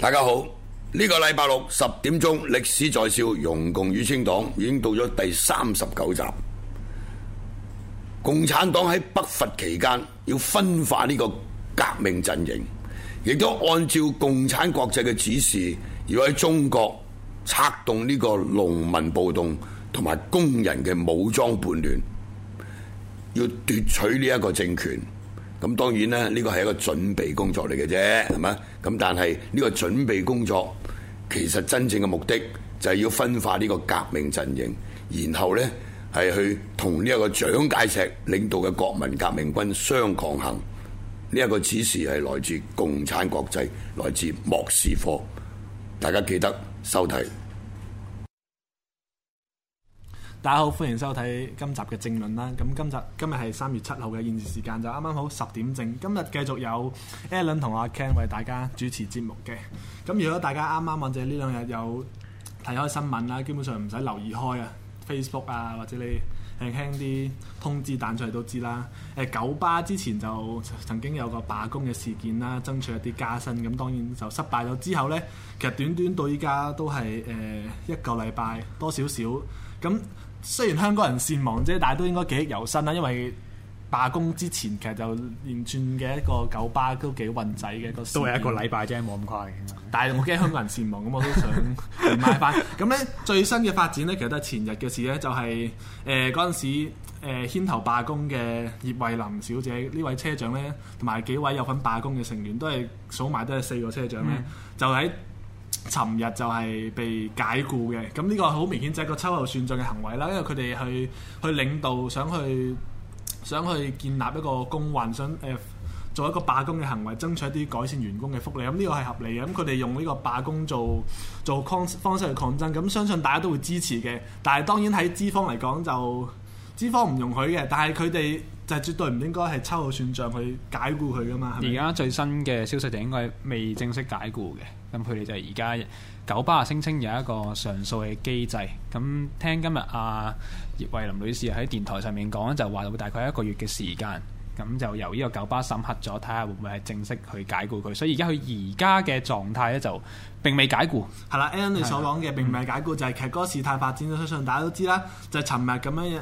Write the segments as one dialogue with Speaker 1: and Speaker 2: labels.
Speaker 1: 大家好，呢個禮拜六，十點鐘，歷史在笑，容共與清黨已經到咗第三十九集。共產黨喺北伐期間要分化呢個革命陣營，亦都按照共產國際嘅指示，要喺中國策動呢個農民暴動同埋工人嘅武裝叛亂，要奪取呢一個政權。咁當然咧，呢個係一個準備工作嚟嘅啫，係嘛？咁但係呢個準備工作其實真正嘅目的就係要分化呢個革命陣營，然後咧係去同呢一個蔣介石領導嘅國民革命軍相抗衡。呢、這、一個指示係來自共產國際，來自莫斯科。大家記得收睇。
Speaker 2: 大家好，歡迎收睇今集嘅政論啦。咁今集今日係三月七號嘅現時時間就剛剛，就啱啱好十點正。今日繼續有 Alan 同阿 Ken 為大家主持節目嘅。咁如果大家啱啱或者呢兩日有睇開新聞啦，基本上唔使留意開啊 Facebook 啊，或者你聽啲通知彈出嚟都知啦。誒九巴之前就曾經有個罷工嘅事件啦，爭取一啲加薪，咁當然就失敗咗。之後呢，其實短短到依家都係誒、呃、一個禮拜多少少咁。雖然香港人善忘啫，但係都應該記憶猶新啦。因為罷工之前其實就連串嘅一個九巴都幾混仔嘅個。都係一個禮拜啫，冇咁快。但係我驚香港人善忘，咁 我都想買翻。咁咧最新嘅發展咧，其實都係前日嘅事咧，就係誒嗰陣時誒、呃、牽頭罷工嘅葉慧林小姐呢位車長咧，同埋幾位有份罷工嘅成員都係數埋都係四個車長咧，就喺。尋日就係被解僱嘅，咁、這、呢個好明顯，就係個秋後算賬嘅行為啦。因為佢哋去去領導，想去想去建立一個工運，想誒、呃、做一個罷工嘅行為，爭取一啲改善員工嘅福利。咁、這、呢個係合理嘅，咁佢哋用呢個罷工做做方式嚟抗爭，咁相信大家都會支持嘅。但係當然喺資方嚟講就資方唔容許嘅，但係佢哋。就係絕對唔應該係秋後算賬去解僱佢噶嘛。而家
Speaker 1: 最新嘅消息就應該未正式解僱嘅，咁佢哋就而家九巴啊，聲稱有一個上訴嘅機制。咁聽今日阿、啊、葉慧林女士喺電台上面講，就話會大概一個月嘅時間。咁就由呢個九巴審核咗，睇下會唔會係正式去解雇佢。所以而家佢而家嘅狀態咧，就並未解雇嗯嗯。係啦 Allen 你所講嘅並未解雇，就是，就係其實嗰個事態發展
Speaker 2: 相信大家都知啦，就係尋日咁樣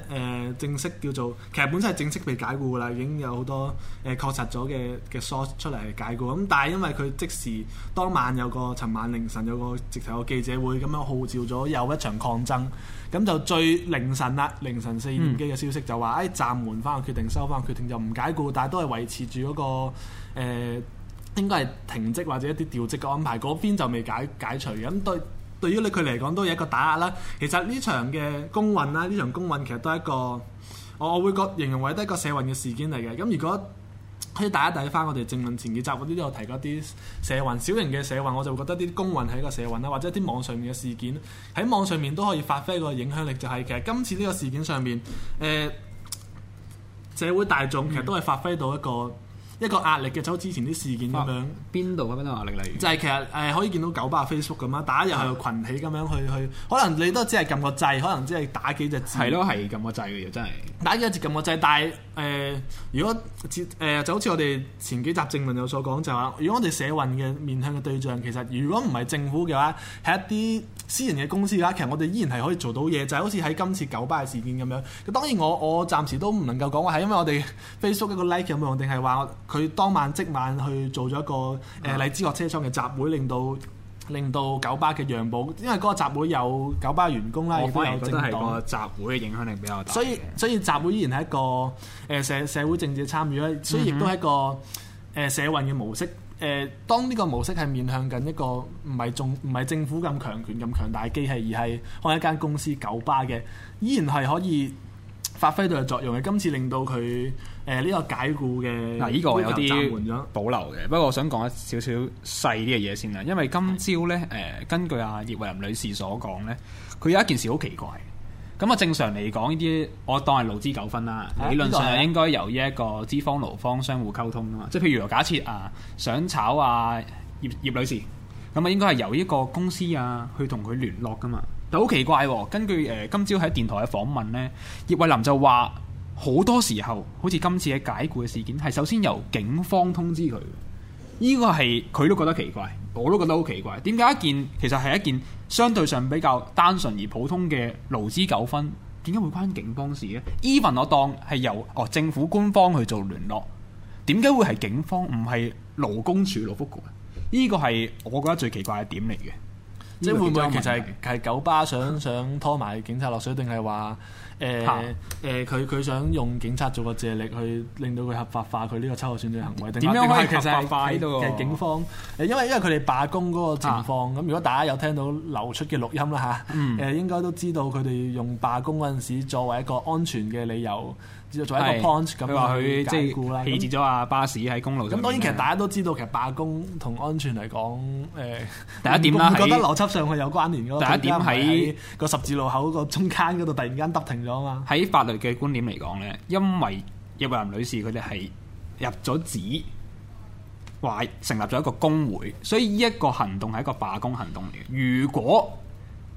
Speaker 2: 誒正式叫做，其實本身係正式被解雇噶啦，已經有好多誒確實咗嘅嘅 source 出嚟解雇。咁但係因為佢即時當晚有個尋晚凌晨有個直頭有個記者會咁樣號召咗又一場抗爭。咁就最凌晨啦，凌晨四點幾嘅消息就話誒、嗯、暫緩翻個決定，收翻決定就唔解僱，但係都係維持住嗰、那個誒、呃、應該係停職或者一啲調職嘅安排，嗰邊就未解解除嘅。咁對對於你佢嚟講都有一個打壓啦。其實呢場嘅公運啦，呢場公運其實都係一個我會覺形容為都係一個社運嘅事件嚟嘅。咁如果可以大家睇翻我哋政論前幾集嗰啲，都有提過啲社運小型嘅社運，我就會覺得啲公運係一個社運啦，或者啲網上面嘅事件喺網上面都可以發揮個影響力，就係、是、其實今次呢個事件上面，誒、呃、社會大眾其實都係發揮到一個。一個壓力嘅，就之前啲事件咁樣。邊度嘅邊種壓力嚟？就係其實誒、呃、可以見到九巴 Facebook 咁樣打入去群起咁樣去去，可能你都只係撳個掣，可能只係打幾隻字。係咯，係
Speaker 1: 撳個掣嘅，嘢真係
Speaker 2: 打幾隻字撳個掣。但係誒、呃，如果誒、呃、就好似我哋前幾集正文有所講，就話如果我哋社運嘅面向嘅對象，其實如果唔係政府嘅話，係一啲私人嘅公司嘅話，其實我哋依然係可以做到嘢，就係、是、好似喺今次九巴嘅事件咁樣。當然我我暫時都唔能夠講話係因為我哋 Facebook 一個 like 有冇用，定係話佢當晚即晚去做咗一個誒荔枝角車廠嘅集會，令到令到九巴嘅讓步。因為嗰個集會有九巴員工啦，亦都反有政黨。我反而覺得係個集會嘅影響力比較大。所以所以集會依然係一個誒社社會政治參與咧，所以亦都係一個誒社運嘅模式。誒、嗯哼，當呢個模式係面向緊一個唔係仲唔係政府咁強權咁強大嘅機器，而係開一間公司九巴嘅，依然係可以。發揮到嘅作用，係今次令到佢誒呢個解僱嘅嗱，呢個有啲
Speaker 1: 保留嘅。不過我想講一少少細啲嘅嘢先啦，因為今朝咧誒，嗯、根據阿葉慧林女士所講咧，佢有一件事好奇怪。咁啊，正常嚟講，呢啲我當係勞資糾紛啦，理論上係應該由呢一個資方勞方相互溝通噶嘛。即係譬如假設啊，想炒阿葉葉女士，咁啊應該係由呢個公司啊去同佢聯絡噶嘛，就好奇怪喎、哦！根據誒、呃、今朝喺電台嘅訪問呢，葉慧林就話好多時候，好似今次嘅解僱嘅事件，係首先由警方通知佢。呢個係佢都覺得奇怪，我都覺得好奇怪。點解一件其實係一件相對上比較單純而普通嘅勞資糾紛，點解會關警方事呢？Even 我當係由哦政府官方去做聯絡，點解會係警方唔係勞工處勞福局？呢個係我覺得最奇怪嘅點嚟嘅。即係會唔會其實係係九巴想想拖埋
Speaker 2: 警察落水，定係話誒誒佢佢想用警察做個借力，去令到佢合法化佢呢個秋後選舉行為？點樣可以其實合法化嘅警方？誒、啊，因為因為佢哋罷工嗰個情況咁，啊、如果大家有聽到流出嘅錄音啦嚇，誒、嗯、應該都知道佢哋用罷工嗰陣時作為一個安全嘅理由。做一個 point 咁樣，佢即係解棄置咗
Speaker 1: 啊巴士喺公路上。咁當然其實大家
Speaker 2: 都知道，其實罷工同安全嚟講，誒、欸、第一點啦，覺得邏輯上係有關聯嘅。第一點喺
Speaker 1: 個十字路口個中間嗰度，突然間剎停咗啊嘛。喺法律嘅觀點嚟講咧，因為葉慧林女士佢哋係入咗紙，話成立咗一個工會，所以呢一個行動係一個罷工行動嚟。如果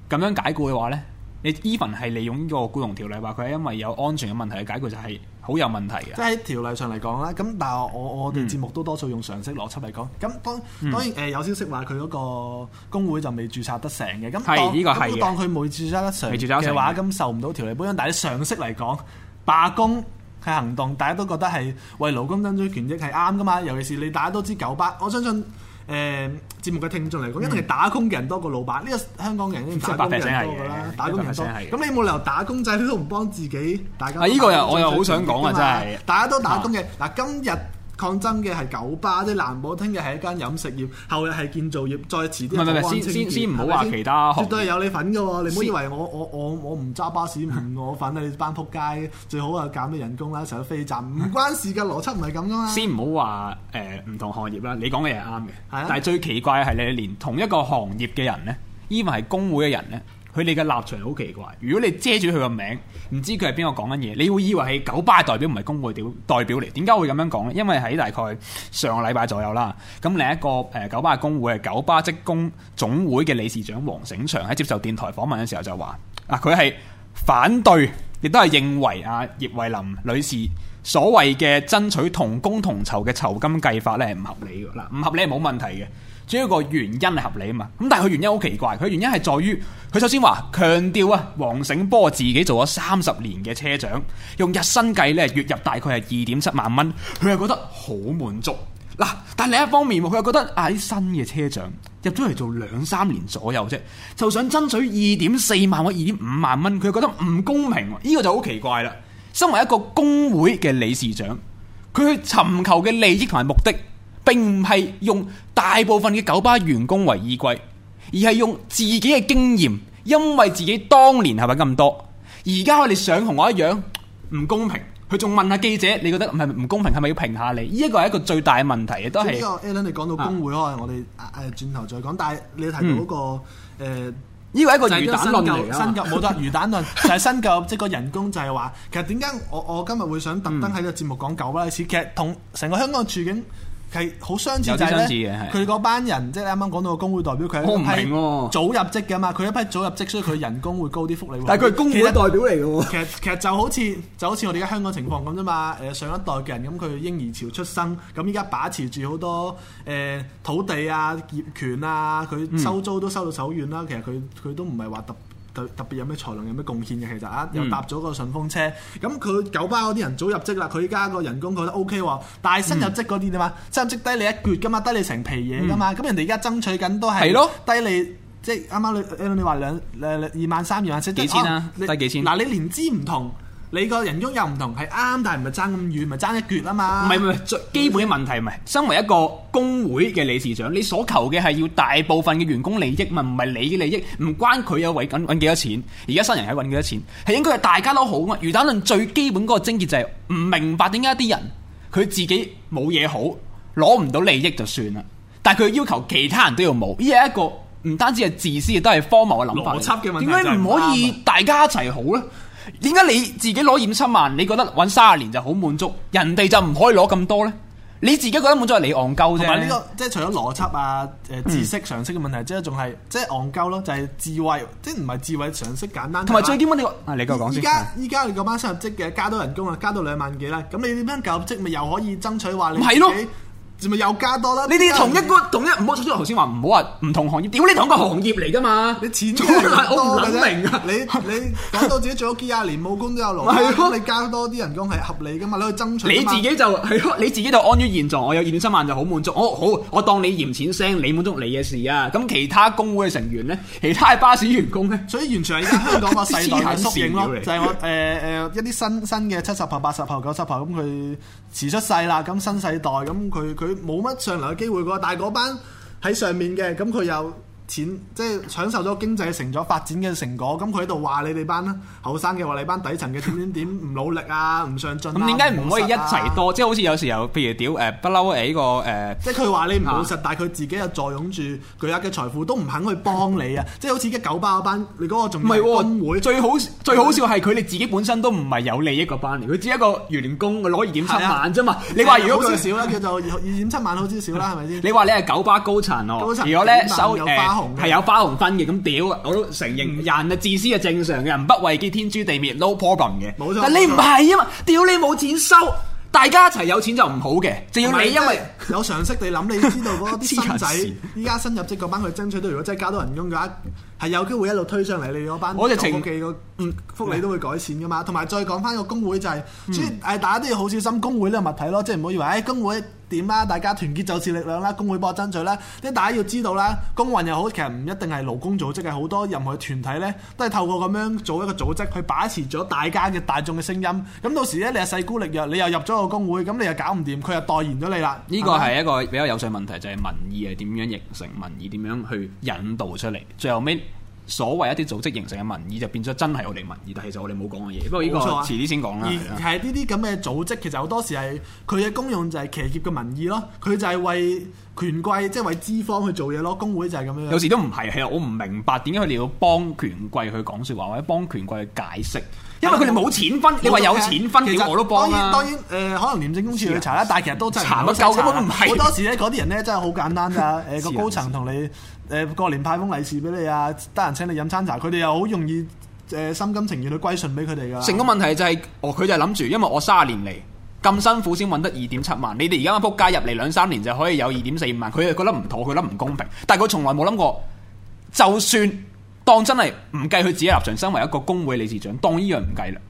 Speaker 1: 咁樣解僱嘅話咧？你 Even 係利用呢個僱傭條例，話佢係因為有安全嘅問題去解決就係好有問題嘅。即係喺條例上嚟講啦，咁但係我我哋節目都多數用常識邏輯嚟講。咁當當然誒、嗯呃、有消息
Speaker 2: 話佢嗰個工會就未註冊得成嘅。咁當咁當佢未註冊得成嘅話，咁受唔到條例保障。但係常識嚟講，罷工係行動，大家都覺得係為勞工爭取權益係啱噶嘛？尤其是你大家都知九八，我相信。誒、呃、節目嘅聽眾嚟講，一定係打工嘅人多過老闆。呢個、嗯、香港人，已經打工嘅人多㗎啦，打工嘅人多。咁你冇理由打工仔你都唔幫自己，大家。呢依個又我又好想講啊，真係，大家都打工嘅嗱，今日。抗爭嘅係九巴，即藍堡聽日係一間飲食業，後日係建造業，再遲啲先唔好話其他，吧絕對係有你份嘅喎，你唔好以為我先我我我唔揸巴士唔我份啊！你班撲街，最好啊減咗人工啦，成日 飛站唔關事
Speaker 1: 嘅邏輯唔係咁噶嘛。先唔好話誒唔同行業啦，你講嘅嘢係啱嘅，啊、但係最奇怪係你連同一個行業嘅人咧，依埋係工會嘅人咧。佢哋嘅立場好奇怪，如果你遮住佢個名，唔知佢係邊個講緊嘢，你會以為係九巴代表唔係工會代表嚟。點解會咁樣講呢？因為喺大概上個禮拜左右啦，咁另一個誒九巴工會係九巴職工總會嘅理事長黃醒祥喺接受電台訪問嘅時候就話：嗱、啊，佢係反對，亦都係認為阿、啊、葉慧林女士所謂嘅爭取同工同酬嘅酬金計法咧係唔合理嘅嗱，唔、啊、合理係冇問題嘅。只一個原因係合理啊嘛，咁但係佢原因好奇怪，佢原因係在於佢首先話強調啊，黃醒波自己做咗三十年嘅車長，用日薪計咧月入大概係二點七萬蚊，佢係覺得好滿足。嗱，但另一方面佢又覺得嗌啲、啊、新嘅車長入咗嚟做兩三年左右啫，就想爭取二點四萬或二點五萬蚊，佢覺得唔公平，呢、呢個就好奇怪啦。身為一個工會嘅理事長，佢去尋求嘅利益同埋目的，並唔係用大部分嘅九巴員工為依歸，而係用自己嘅經驗。因為自己當年係咪咁多，而家我哋想同我一樣唔公平，佢仲問下記者，你覺得唔係唔公平，係咪要評下你？呢一個係一個最大嘅問題，都係。呢個
Speaker 2: Allen 你講到公會，啊、我哋誒轉頭再講。但係你提到嗰、那個呢依個一個魚蛋論嚟新舊冇的錯，魚蛋論 就係新舊，即係個人工就係、是、話，其實點解我我今日會想特登喺個節目講九巴歷史，其實同成個香港嘅處境。係好相似嘅咧，佢嗰班人即係啱啱講到個工會代表佢一批早入職嘅嘛，佢、啊、一批早入職，所以佢人工會高啲、福利，但係佢係工會代表嚟嘅喎。其實其實就好似就好似我哋而家香港情況咁啫嘛。誒、呃、上一代嘅人咁佢嬰兒潮出生，咁依家把持住好多誒、呃、土地啊業權啊，佢收租都收到手軟啦。其實佢佢都唔係話特。特別有咩才能有咩貢獻嘅其實啊，又搭咗個順風車。咁佢九巴嗰啲人早入職啦，佢依家個人工覺得 OK 喎。但係新入職嗰啲點啊？新入職低你一橛㗎嘛，低你成皮嘢㗎嘛。咁、嗯、人哋而家爭取緊都係低你，即係啱啱你你話兩兩二萬三二萬四幾錢啊？
Speaker 1: 你低幾千嗱，你年資唔同，你個人工又唔同，係啱，但係唔係爭咁遠，咪爭一橛啊嘛！唔係唔係最基本嘅問題，唔係身為一個工會嘅理事長，你所求嘅係要大部分嘅員工利益，唔唔係你嘅利益，唔關佢有位緊揾幾多錢。而家新人係揾幾多錢，係應該係大家都好啊！魚蛋論最基本嗰個癥結就係唔明白點解啲人佢自己冇嘢好，攞唔到利益就算啦。但係佢要求其他人都要冇，呢係一個唔單止係自私，亦都係荒謬嘅諗法。邏輯嘅問題點解唔可以大家一齊好咧？點解你自己攞廿七萬，你覺得搵三十年就好滿足？人哋就唔可以攞咁多咧？你自己覺得滿足係你戇鳩啫。呢、這個
Speaker 2: 即係除咗邏輯啊、誒、呃、知識常識嘅問題，即係仲係即係戇鳩咯，就係、是、智慧，即係唔係智慧常識簡單。同埋有是最基
Speaker 1: 本，你依家
Speaker 2: 依家你班新入職嘅，加多人工啊，加多兩萬幾啦。咁你點樣舊入職咪又可以爭取話你？係咯。
Speaker 1: 咪又加多啦！你哋同一個同一唔好出咗頭先話唔好話唔同行業，屌你同，同一個行業嚟噶嘛？你錢多嘅啫。我唔明啊！你你
Speaker 2: 講到自己做咗幾廿年冇功都有勞、 嗯，你加多啲人工係合理噶嘛？你可以爭取。你自己就
Speaker 1: 你自己就安於現狀。我有二點三萬就好滿足。我好，我當你嫌錢腥，你滿足你嘅事啊！咁其他工會嘅成員咧，其他巴士員工咧，所以完全係香港個世代嘅縮影咯、就係。就係我
Speaker 2: 誒誒一啲新新嘅七十後、八十後、九十後咁佢遲出世啦，咁新世代咁佢佢。他們他們他們冇乜上流嘅機會，㗎，但係嗰班喺上面嘅，咁佢又。錢即係享受咗經濟成長發展嘅成果，咁佢喺度話你哋班啦，後生嘅話，你班底層嘅點點點唔努力啊，唔上進啊，咁點解唔可以一齊多？
Speaker 1: 即係好似有時候，譬如屌誒不嬲誒呢個誒，即係佢話你唔老實，但係佢自己又坐擁住巨額嘅財富，都唔肯去幫你啊！即係好似而家九巴班，你嗰個仲唔係工會？最好最好笑係佢哋自己本身都唔係有利益個班嚟，佢只係一個員工攞二點七萬啫嘛。你話如果好少少啦，叫
Speaker 2: 做二點七萬好少少啦，係咪先？你
Speaker 1: 話你係九巴高層喎，如果咧收誒。係有花紅分嘅，咁屌啊！我都承認人啊自私係正常嘅，人不為己天誅地滅，no problem 嘅。冇錯錯，但你唔係啊嘛，屌你冇錢收，大家一齊有錢就唔好嘅。唔你，因為有常識你諗，你知
Speaker 2: 道嗰啲新仔依家 病新入職嗰班去爭取到，如果真係加到人工嘅話，係有機會一路推上嚟你嗰班。我哋長期個嗯福利都會改善噶嘛，同埋再講翻個工會就係、是，所以、嗯、大家都要好小心工會呢個物體咯，即係唔好以為誒工會。點啊！大家團結就是力量啦，工會幫我爭取啦。因為大家要知道啦，工運又好，其實唔一定係勞工組織嘅，好多任何嘅團體咧，都係透過咁樣做一個組織去把持咗大家嘅大眾嘅聲音。咁到時咧，你又勢孤力弱，你又入咗個工會，咁你又搞唔掂，佢又代言咗你啦。
Speaker 1: 呢個係一個比較有趣問題，就係民意係點樣形成，民意點樣去引導出嚟，最後尾。所謂一啲組織形成嘅民意就變咗真係我哋民意，但其實我哋冇講嘅嘢。不過呢、呢個、啊、遲啲先講啦。而係呢啲咁嘅組織，其實好多時係
Speaker 2: 佢嘅功用就係騎劫嘅民意咯，佢就係為權貴即係、就係、為資方去做嘢咯。工會就係咁樣。有時都唔
Speaker 1: 係，係啊，我唔明白點解佢哋要幫權貴去講説話或者幫權貴去解釋。因為佢哋冇錢分，你話有錢分，屌實我都幫啦、啊。當然，誒、呃，可能廉政公署去查啦，是但係其實都真係查唔得夠咁啊，唔係。好多時咧，
Speaker 2: 嗰啲人咧真係好簡單噶，誒個、 呃、高層同你，誒、呃、過年派封利是俾你啊，得人請你飲餐茶，佢哋又好容易，誒、呃、心甘情願去歸順俾佢哋噶。成個
Speaker 1: 問題就係、是，哦，佢就諗住，因為我卅年嚟咁辛苦先搵得二點七萬，你哋而家咁撲街入嚟兩三年就可以有二點四五萬，佢就覺得唔妥，佢覺得唔公平，但係佢從來冇諗過，就算。當真係唔計佢自己立場，身為一個工會理事長，當呢樣唔計啦。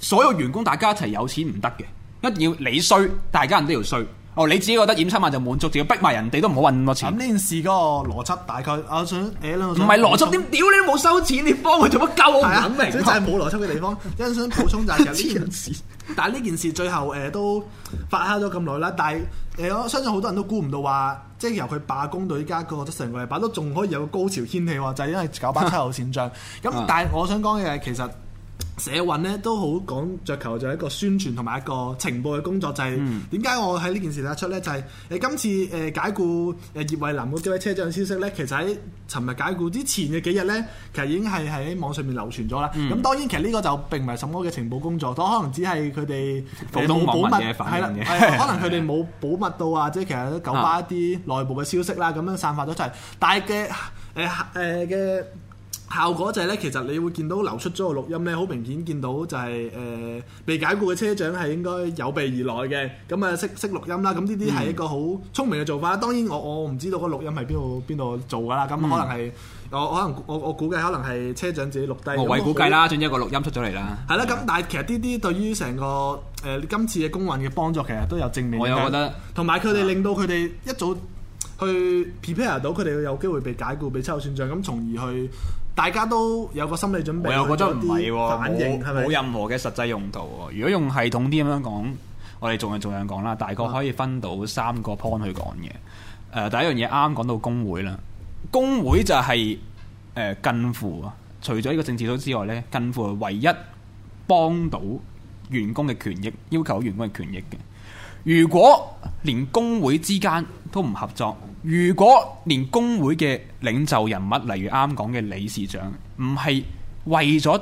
Speaker 1: 所有員工大家一齊有錢唔得嘅，一定要你衰，大家人都要衰。哦，你自己覺得掩七萬就滿足，只要逼埋人哋都唔好搵咁多錢。咁呢件事嗰個邏輯大概，我想誒唔係邏輯點屌你都冇收錢，你幫佢做乜鳩唔肯明？真
Speaker 2: 係冇邏輯嘅地方，我 想補充就係有呢件事。神經 但係呢件事最後誒、呃、都發酵咗咁耐啦，但係誒我相信好多人都估唔到話。即係由佢罷工到而家，過咗成個禮拜都仲可以有個高潮掀起喎，就係因為九八七號線漲。咁 但係我想講嘅係其實。社運咧都好講著求就係一個宣傳同埋一個情報嘅工作，就係點解我喺呢件事突出咧？就係、是、你、呃、今次誒、呃、解僱誒葉慧林嗰位車長消息咧，其實喺尋日解僱之前嘅幾日咧，其實已經係喺網上面流傳咗啦。咁、嗯、當然其實呢個就並唔係什麼嘅情報工作，都可能只係佢哋冇保密，係啦的， 可能佢哋冇保密到啊，即係其實都九巴一啲內部嘅消息啦，咁樣散發咗出嚟。但係嘅誒誒嘅。呃呃呃呃呃呃呃呃效果就係咧，其實你會見到流出咗個錄音咧，好明顯見到就係、是、誒、呃、被解雇嘅車長係應該有備而來嘅，咁啊識識錄音啦，咁呢啲係一個好聰明嘅做法。嗯、當然我我唔知道個錄音係邊度邊度做㗎啦，咁可能係、嗯、我可能我我，我估計可能係車長自己錄低。嗯、我委估計啦，總
Speaker 1: 之一個錄音出咗嚟啦。
Speaker 2: 係啦，咁但係其實呢啲對於成個誒、呃、今次嘅公運嘅幫助其實都有正面。我有覺得，同埋佢哋令到佢哋一早去 prepare 到佢哋有機會被解雇、被秋後算賬，咁從而去。大家都有個心理準備，我又覺得唔係、哦，冇冇反應，冇任
Speaker 1: 何嘅實際用途。如果用系統啲咁樣講，我哋仲有仲有講啦。大概可以分到三個 point 去講嘅、呃。第一樣嘢啱啱講到工會啦，工會就係、是、近、呃、乎，除咗呢個政治組之外呢，近乎係唯一幫到員工嘅權益，要求員工嘅權益嘅。如果連工會之間都唔合作，如果連工會嘅領袖人物，例如啱講嘅理事長，唔係為咗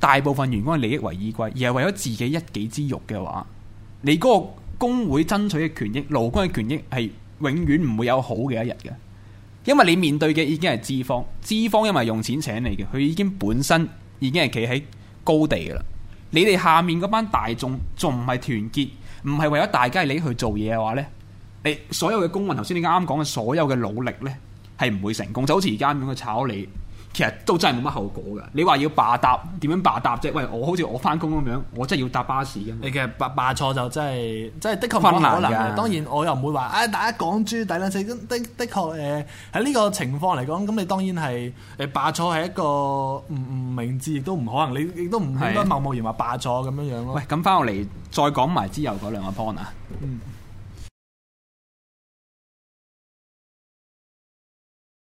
Speaker 1: 大部分員工嘅利益為依歸，而係為咗自己一己之欲嘅話，你嗰個工會爭取嘅權益，勞工嘅權益係永遠唔會有好嘅一日嘅。因為你面對嘅已經係資方，資方因為用錢請你嘅，佢已經本身已經係企喺高地噶啦。你哋下面嗰班大眾仲唔係團結？唔係為咗大雞，你去做嘢嘅話咧，你所有嘅工運，頭先你啱講嘅所有嘅努力咧，係唔會成功，就好似而家咁樣去炒你。其實都真係冇乜後果嘅。你話要霸搭，點樣霸搭啫？喂，我好似我翻工咁樣，我真係要搭巴士咁。你其實霸霸錯就真係真係的確困難嘅、啊。當然
Speaker 2: 我又唔會話，唉，大家講豬抵兩聲。的的確，誒喺呢個情況嚟講，咁你當然係誒霸錯係一個唔唔明智，亦都唔可能。你
Speaker 1: 亦都唔應該貿貿然話霸錯咁樣樣咯。喂，咁翻落嚟再講埋之後嗰兩個 point 啊。
Speaker 2: 嗯。